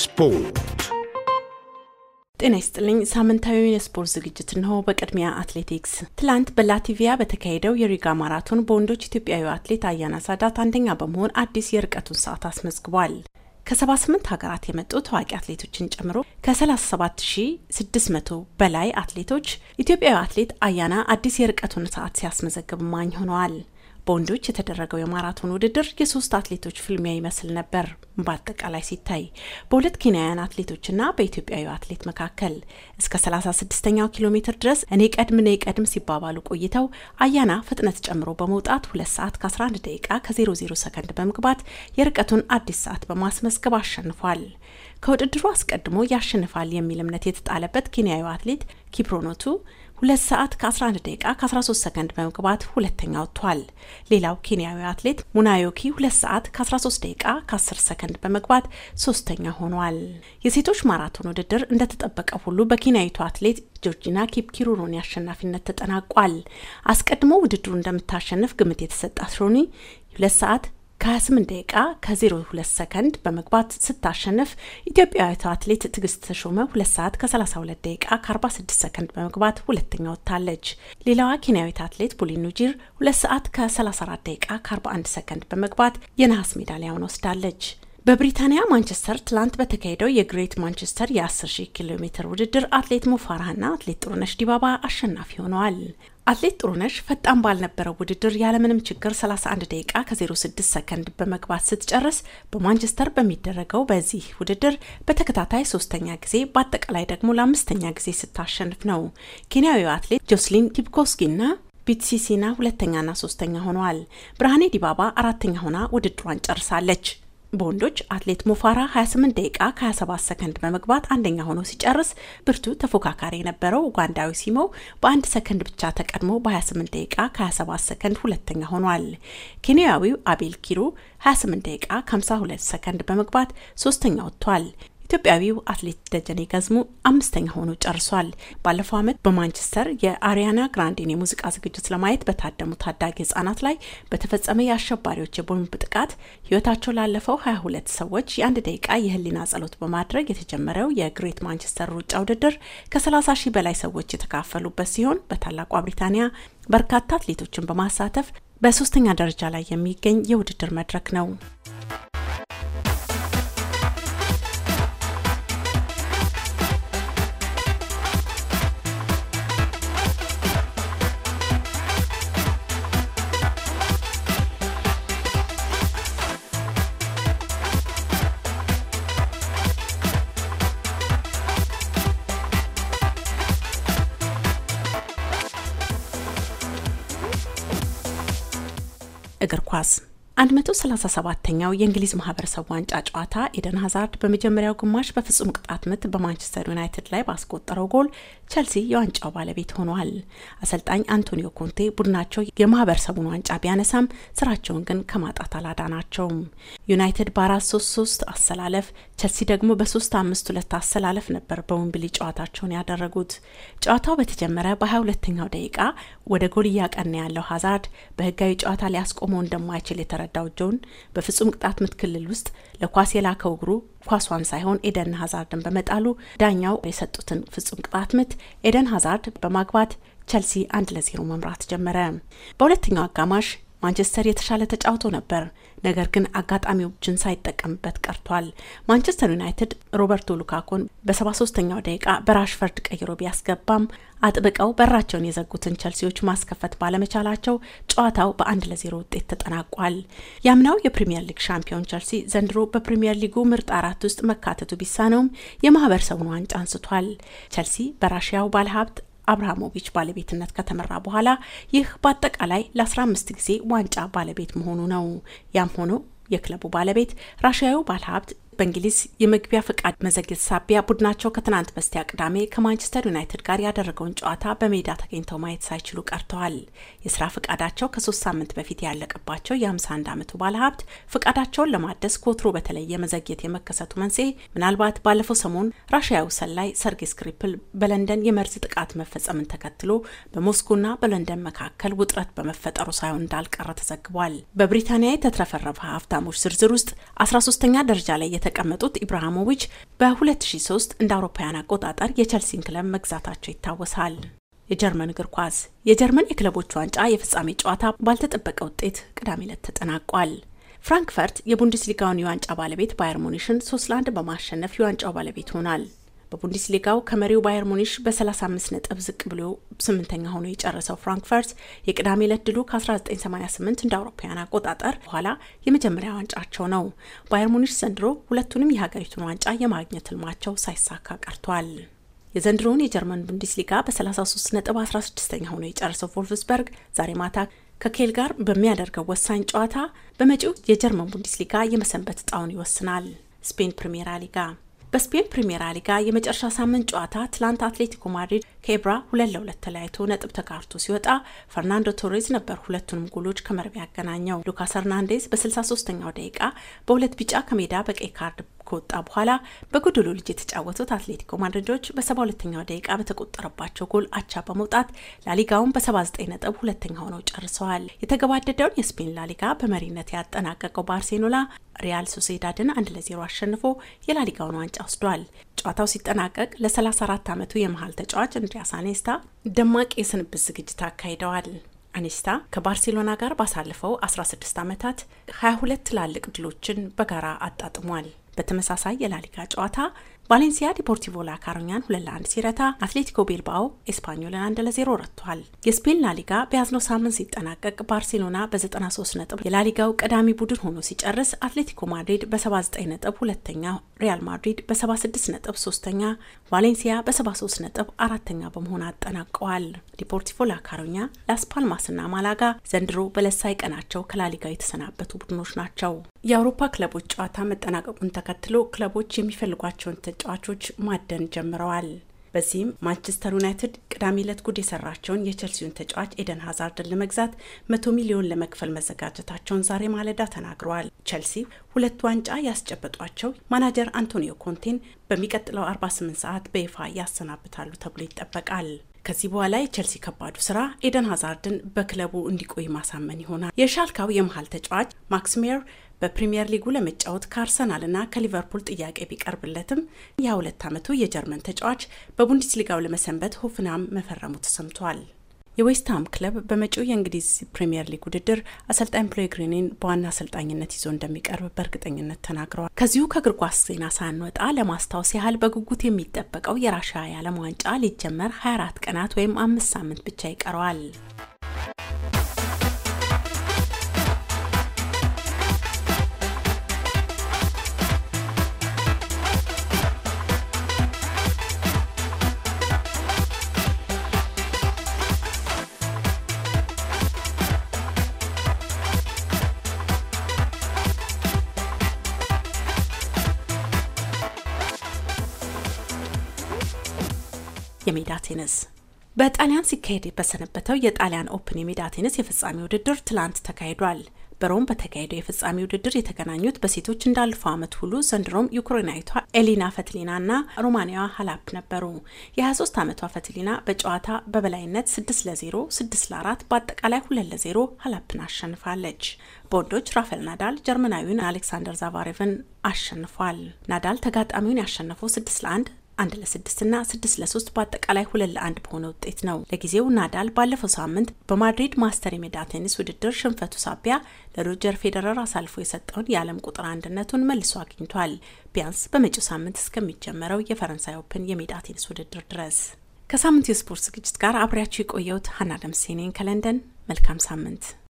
ስፖርት ጤና ይስጥልኝ። ሳምንታዊ የስፖርት ዝግጅት እንሆ። በቅድሚያ አትሌቲክስ። ትላንት በላቲቪያ በተካሄደው የሪጋ ማራቶን በወንዶች ኢትዮጵያዊ አትሌት አያና ሳዳት አንደኛ በመሆን አዲስ የርቀቱን ሰዓት አስመዝግቧል። ከ78 ሀገራት የመጡ ታዋቂ አትሌቶችን ጨምሮ ከ37600 በላይ አትሌቶች ኢትዮጵያዊ አትሌት አያና አዲስ የርቀቱን ሰዓት ሲያስመዘግብ ማኝ ሆነዋል። በወንዶች የተደረገው የማራቶን ውድድር የሶስት አትሌቶች ፍልሚያ ይመስል ነበር። በአጠቃላይ ሲታይ በሁለት ኬንያውያን አትሌቶችና በኢትዮጵያዊ አትሌት መካከል እስከ 36ኛው ኪሎ ሜትር ድረስ እኔ ቀድም እኔ ቀድም ሲባባሉ ቆይተው አያና ፍጥነት ጨምሮ በመውጣት 2 ሰዓት ከ11 ደቂቃ ከ00 ሰከንድ በመግባት የርቀቱን አዲስ ሰዓት በማስመዝገብ አሸንፏል። ከውድድሩ አስቀድሞ ያሸንፋል የሚል እምነት የተጣለበት ኬንያዊ አትሌት ኪፕሮኖቱ ሁለት ሰዓት ከ11 ደቂቃ ከ13 ሰከንድ በመግባት ሁለተኛ ወጥቷል። ሌላው ኬንያዊ አትሌት ሙናዮኪ ሁለት ሰዓት ከ13 ደቂቃ ከ10 ሰከንድ በመግባት ሶስተኛ ሆኗል። የሴቶች ማራቶን ውድድር እንደተጠበቀ ሁሉ በኬንያዊቱ አትሌት ጆርጂና ኪፕኪሩሮኒ አሸናፊነት ተጠናቋል። አስቀድሞ ውድድሩ እንደምታሸንፍ ግምት የተሰጣት ሮኒ ሁለት ሰዓት ከ28 ደቂቃ ከ02 ሰከንድ በመግባት ስታሸንፍ ኢትዮጵያዊቷ አትሌት ትግስት ተሾመ 2 ሰዓት ከ32 ደቂቃ ከ46 ሰከንድ በመግባት ሁለተኛ ወጥታለች። ሌላዋ ኬንያዊት አትሌት ቡሊን ኑጂር 2 ሰዓት ከ34 ደቂቃ ከ41 ሰከንድ በመግባት የነሐስ ሜዳሊያውን ወስዳለች። በብሪታንያ ማንቸስተር ትላንት በተካሄደው የግሬት ማንቸስተር የ10,000 ኪሎ ሜትር ውድድር አትሌት ሙፋራህና አትሌት ጥሩነሽ ዲባባ አሸናፊ ሆነዋል። አትሌት ጥሩነሽ ፈጣን ባልነበረው ውድድር ያለምንም ችግር 31 ደቂቃ ከ06 ሰከንድ በመግባት ስትጨርስ በማንቸስተር በሚደረገው በዚህ ውድድር በተከታታይ ሶስተኛ ጊዜ በአጠቃላይ ደግሞ ለአምስተኛ ጊዜ ስታሸንፍ ነው። ኬንያዊ አትሌት ጆስሊን ና ቢትሲሲና ሁለተኛና ሶስተኛ ሆነዋል። ብርሃኔ ዲባባ አራተኛ ሆና ውድድሯን ጨርሳለች። በወንዶች አትሌት ሙፋራ 28 ደቂቃ ከ27 ሰከንድ በመግባት አንደኛ ሆኖ ሲጨርስ ብርቱ ተፎካካሪ የነበረው ኡጋንዳዊ ሲሞ በአንድ ሰከንድ ብቻ ተቀድሞ በ28 ደቂቃ ከ27 ሰከንድ ሁለተኛ ሆኗል። ኬንያዊው አቤል ኪሩ 28 ደቂቃ 52 ሰከንድ በመግባት ሶስተኛ ወጥቷል። ኢትዮጵያዊው አትሌት ደጀኔ ገዝሙ አምስተኛ ሆኖ ጨርሷል። ባለፈው ዓመት በማንቸስተር የአሪያና ግራንዴን የሙዚቃ ዝግጅት ለማየት በታደሙ ታዳጊ ህጻናት ላይ በተፈጸመ የአሸባሪዎች የቦምብ ጥቃት ህይወታቸው ላለፈው 22 ሰዎች የአንድ ደቂቃ የህሊና ጸሎት በማድረግ የተጀመረው የግሬት ማንቸስተር ሩጫ ውድድር ከ30 ሺህ በላይ ሰዎች የተካፈሉበት ሲሆን በታላቋ ብሪታንያ በርካታ አትሌቶችን በማሳተፍ በሶስተኛ ደረጃ ላይ የሚገኝ የውድድር መድረክ ነው። እግር ኳስ 137ኛው የእንግሊዝ ማህበረሰብ ዋንጫ ጨዋታ ኤደን ሀዛርድ በመጀመሪያው ግማሽ በፍጹም ቅጣት ምት በማንቸስተር ዩናይትድ ላይ ባስቆጠረው ጎል ቸልሲ የዋንጫው ባለቤት ሆኗል። አሰልጣኝ አንቶኒዮ ኮንቴ ቡድናቸው የማህበረሰቡን ዋንጫ ቢያነሳም ስራቸውን ግን ከማጣት አላዳናቸውም። ዩናይትድ በአራት ሶስት ሶስት አሰላለፍ፣ ቸልሲ ደግሞ በሶስት አምስት ሁለት አሰላለፍ ነበር በውንብሊ ጨዋታቸውን ያደረጉት። ጨዋታው በተጀመረ በሀያ ሁለተኛው ደቂቃ ወደ ጎል እያቀነ ያለው ሀዛርድ በህጋዊ ጨዋታ ሊያስቆመው እንደማይችል የተረዳው ጆን በፍጹም ቅጣት ምት ክልል ውስጥ ለኳስ የላከው እግሩ ኳሷን ሳይሆን ኤደን ሀዛርድን በመጣሉ ዳኛው የሰጡትን ፍጹም ቅጣት ምት ኤደን ሀዛርድ በማግባት ቸልሲ አንድ ለዜሮ መምራት ጀመረ። በሁለተኛው አጋማሽ ማንቸስተር የተሻለ ተጫውቶ ነበር፣ ነገር ግን አጋጣሚዎችን ሳይጠቀምበት ቀርቷል። ማንቸስተር ዩናይትድ ሮበርቶ ሉካኮን በ73ኛው ደቂቃ በራሽፈርድ ቀይሮ ቢያስገባም አጥብቀው በራቸውን የዘጉትን ቸልሲዎች ማስከፈት ባለመቻላቸው ጨዋታው በአንድ ለዜሮ ውጤት ተጠናቋል። ያምናው የፕሪምየር ሊግ ሻምፒዮን ቸልሲ ዘንድሮ በፕሪምየር ሊጉ ምርጥ አራት ውስጥ መካተቱ ቢሳነውም የማህበረሰቡን ዋንጫ አንስቷል። ቸልሲ በራሽያው ባለሀብት አብርሃሞቪች ባለቤትነት ከተመራ በኋላ ይህ በአጠቃላይ ለ15 ጊዜ ዋንጫ ባለቤት መሆኑ ነው። ያም ሆኖ የክለቡ ባለቤት ራሽያዊ ባለሀብት በእንግሊዝ የመግቢያ ፈቃድ መዘግየት ሳቢያ ቡድናቸው ከትናንት በስቲያ ቅዳሜ ከማንቸስተር ዩናይትድ ጋር ያደረገውን ጨዋታ በሜዳ ተገኝተው ማየት ሳይችሉ ቀርተዋል። የስራ ፈቃዳቸው ከሶስት ሳምንት በፊት ያለቀባቸው የ51 ዓመቱ ባለሀብት ፈቃዳቸውን ለማደስ ከወትሮ በተለየ መዘግየት የመከሰቱ መንስኤ ምናልባት ባለፈው ሰሞን ራሽያዊ ላይ ሰርጌ ስክሪፕል በለንደን የመርዝ ጥቃት መፈጸምን ተከትሎ በሞስኮና በለንደን መካከል ውጥረት በመፈጠሩ ሳይሆን እንዳልቀረ ተዘግቧል። በብሪታንያ የተትረፈረፈ ሀብታሞች ዝርዝር ውስጥ 13ኛ ደረጃ ላይ የተቀመጡት ኢብራሃሞቪች በ2003 እንደ አውሮፓውያን አቆጣጠር የቸልሲን ክለብ መግዛታቸው ይታወሳል። የጀርመን እግር ኳስ የጀርመን የክለቦች ዋንጫ የፍጻሜ ጨዋታ ባልተጠበቀ ውጤት ቅዳሜ ዕለት ተጠናቋል። ፍራንክፈርት የቡንደስሊጋውን የዋንጫ ባለቤት ባየር ሙኒሽን 3 ለ1 በማሸነፍ የዋንጫው ባለቤት ሆናል። በቡንደስሊጋው ከመሪው ባየር ሙኒሽ በ35 ነጥብ ዝቅ ብሎ ስምንተኛ ሆኖ የጨረሰው ፍራንክፈርት የቅዳሜ ዕለት ድሉ ከ1988 እንደ አውሮፓውያን አቆጣጠር በኋላ የመጀመሪያ ዋንጫቸው ነው። ባየር ሙኒሽ ዘንድሮ ሁለቱንም የሀገሪቱን ዋንጫ የማግኘት ህልማቸው ሳይሳካ ቀርቷል። የዘንድሮውን የጀርመን ቡንደስሊጋ በ33 ነጥብ 16ኛ ሆኖ የጨረሰው ቮልፍስበርግ ዛሬ ማታ ከኬል ጋር በሚያደርገው ወሳኝ ጨዋታ በመጪው የጀርመን ቡንደስሊጋ የመሰንበት ጣውን ይወስናል። ስፔን ፕሪሜራ ሊጋ በስፔን ፕሪሜራ ሊጋ የመጨረሻ ሳምንት ጨዋታ ትላንት አትሌቲኮ ማድሪድ ከኤብራ ሁለት ለሁለት ተለያይቶ ነጥብ ተጋርቶ ሲወጣ ፈርናንዶ ቶሬዝ ነበር ሁለቱንም ጎሎች ከመረብ ያገናኘው። ሉካስ ሄርናንዴዝ በ63ኛው ደቂቃ በሁለት ቢጫ ከሜዳ በቀይ ካርድ ከወጣ በኋላ በጎዶሎ ልጅ የተጫወቱት አትሌቲኮ ማድሪዶች በ72ኛው ደቂቃ በተቆጠረባቸው ጎል አቻ በመውጣት ላሊጋውን በ79 ነጥብ ሁለተኛ ሆነው ጨርሰዋል። የተገባደደውን የስፔን ላሊጋ በመሪነት ያጠናቀቀው ባርሴሎና ሪያል ሶሴዳድን አንድ ለዜሮ አሸንፎ የላሊጋውን ዋንጫ ወስዷል። ጨዋታው ሲጠናቀቅ ለ34 ዓመቱ የመሀል ተጫዋች አንድሪያስ አኔስታ ደማቅ የስንብት ዝግጅት አካሂደዋል። አኔስታ ከባርሴሎና ጋር ባሳለፈው 16 ዓመታት 22 ትላልቅ ድሎችን በጋራ አጣጥሟል። በተመሳሳይ የላሊጋ ጨዋታ ቫሌንሲያ ዲፖርቲቮ ላ ካሮኛን ሁለት ለአንድ ሲረታ አትሌቲኮ ቤልባኦ ኤስፓኞልን አንድ ለዜሮ ረትቷል። የስፔን ላሊጋ በያዝነው ሳምንት ሲጠናቀቅ ባርሴሎና በ93 ነጥብ የላሊጋው ቀዳሚ ቡድን ሆኖ ሲጨርስ አትሌቲኮ ማድሪድ በ79 ነጥብ ሁለተኛ፣ ሪያል ማድሪድ በ76 ነጥብ ሶስተኛ፣ ቫሌንሲያ በ73 ነጥብ አራተኛ በመሆን አጠናቀዋል። ዲፖርቲቮ ላ ካሮኛ፣ ላስ ማላጋ ዘንድሮ በለሳይ ቀናቸው ከላሊጋው የተሰናበቱ ቡድኖች ናቸው። የአውሮፓ ክለቦች ጨዋታ መጠናቀቁን ተከትሎ ክለቦች የሚፈልጓቸውን ተጫዋቾች ማደን ጀምረዋል። በዚህም ማንቸስተር ዩናይትድ ቅዳሜ ዕለት ጉድ የሰራቸውን የቸልሲውን ተጫዋች ኤደን ሀዛርድን ለመግዛት መቶ ሚሊዮን ለመክፈል መዘጋጀታቸውን ዛሬ ማለዳ ተናግረዋል። ቸልሲ ሁለት ዋንጫ ያስጨበጧቸው ማናጀር አንቶኒዮ ኮንቴን በሚቀጥለው 48 ሰዓት በይፋ ያሰናብታሉ ተብሎ ይጠበቃል። ከዚህ በኋላ የቸልሲ ከባዱ ስራ ኤደን ሀዛርድን በክለቡ እንዲቆይ ማሳመን ይሆናል። የሻልካው የመሀል ተጫዋች ማክስ በፕሪምየር ሊጉ ለመጫወት ከአርሰናልና ከሊቨርፑል ጥያቄ ቢቀርብለትም የሁለት ዓመቱ የጀርመን ተጫዋች በቡንደስሊጋው ለመሰንበት ሆፍናም መፈረሙ ተሰምቷል። የዌስትሃም ክለብ በመጪው የእንግሊዝ ፕሪምየር ሊግ ውድድር አሰልጣኝ ፕሎግሪኒን በዋና አሰልጣኝነት ይዞ እንደሚቀርብ በእርግጠኝነት ተናግረዋል። ከዚሁ ከእግር ኳስ ዜና ሳንወጣ ለማስታወስ ያህል በጉጉት የሚጠበቀው የራሻ የዓለም ዋንጫ ሊጀመር 24 ቀናት ወይም አምስት ሳምንት ብቻ ይቀረዋል። የሜዳ ቴኒስ በጣሊያን ሲካሄድ በሰነበተው የጣሊያን ኦፕን የሜዳ ቴኒስ የፍጻሜ ውድድር ትላንት ተካሂዷል። በሮም በተካሄደው የፍጻሜ ውድድር የተገናኙት በሴቶች እንዳለፈው ዓመት ሁሉ ዘንድሮም ዩክሬናዊቷ ኤሊና ፈትሊና እና ሮማንያዋ ሀላፕ ነበሩ። የ23 ዓመቷ ፈትሊና በጨዋታ በበላይነት 6 ለ0፣ 6 ለ4 በአጠቃላይ 2 ለ0 ሀላፕን አሸንፋለች። በወንዶች ራፋኤል ናዳል ጀርመናዊውን አሌክሳንደር ዛቫሬቭን አሸንፏል። ናዳል ተጋጣሚውን ያሸነፈው 6 ለ1፣ አንድ ለስድስት ና ስድስት ለሶስት በአጠቃላይ ሁለት ለአንድ በሆነ ውጤት ነው። ለጊዜው ናዳል ባለፈው ሳምንት በማድሪድ ማስተር የሜዳ ቴኒስ ውድድር ሽንፈቱ ሳቢያ ለሮጀር ፌዴረር አሳልፎ የሰጠውን የዓለም ቁጥር አንድነቱን መልሶ አግኝቷል። ቢያንስ በመጪው ሳምንት እስከሚጀመረው የፈረንሳይ ኦፕን የሜዳ ቴኒስ ውድድር ድረስ ከሳምንቱ የስፖርት ዝግጅት ጋር አብሬያችሁ የቆየሁት ሀና ደምሴኔን ከለንደን መልካም ሳምንት።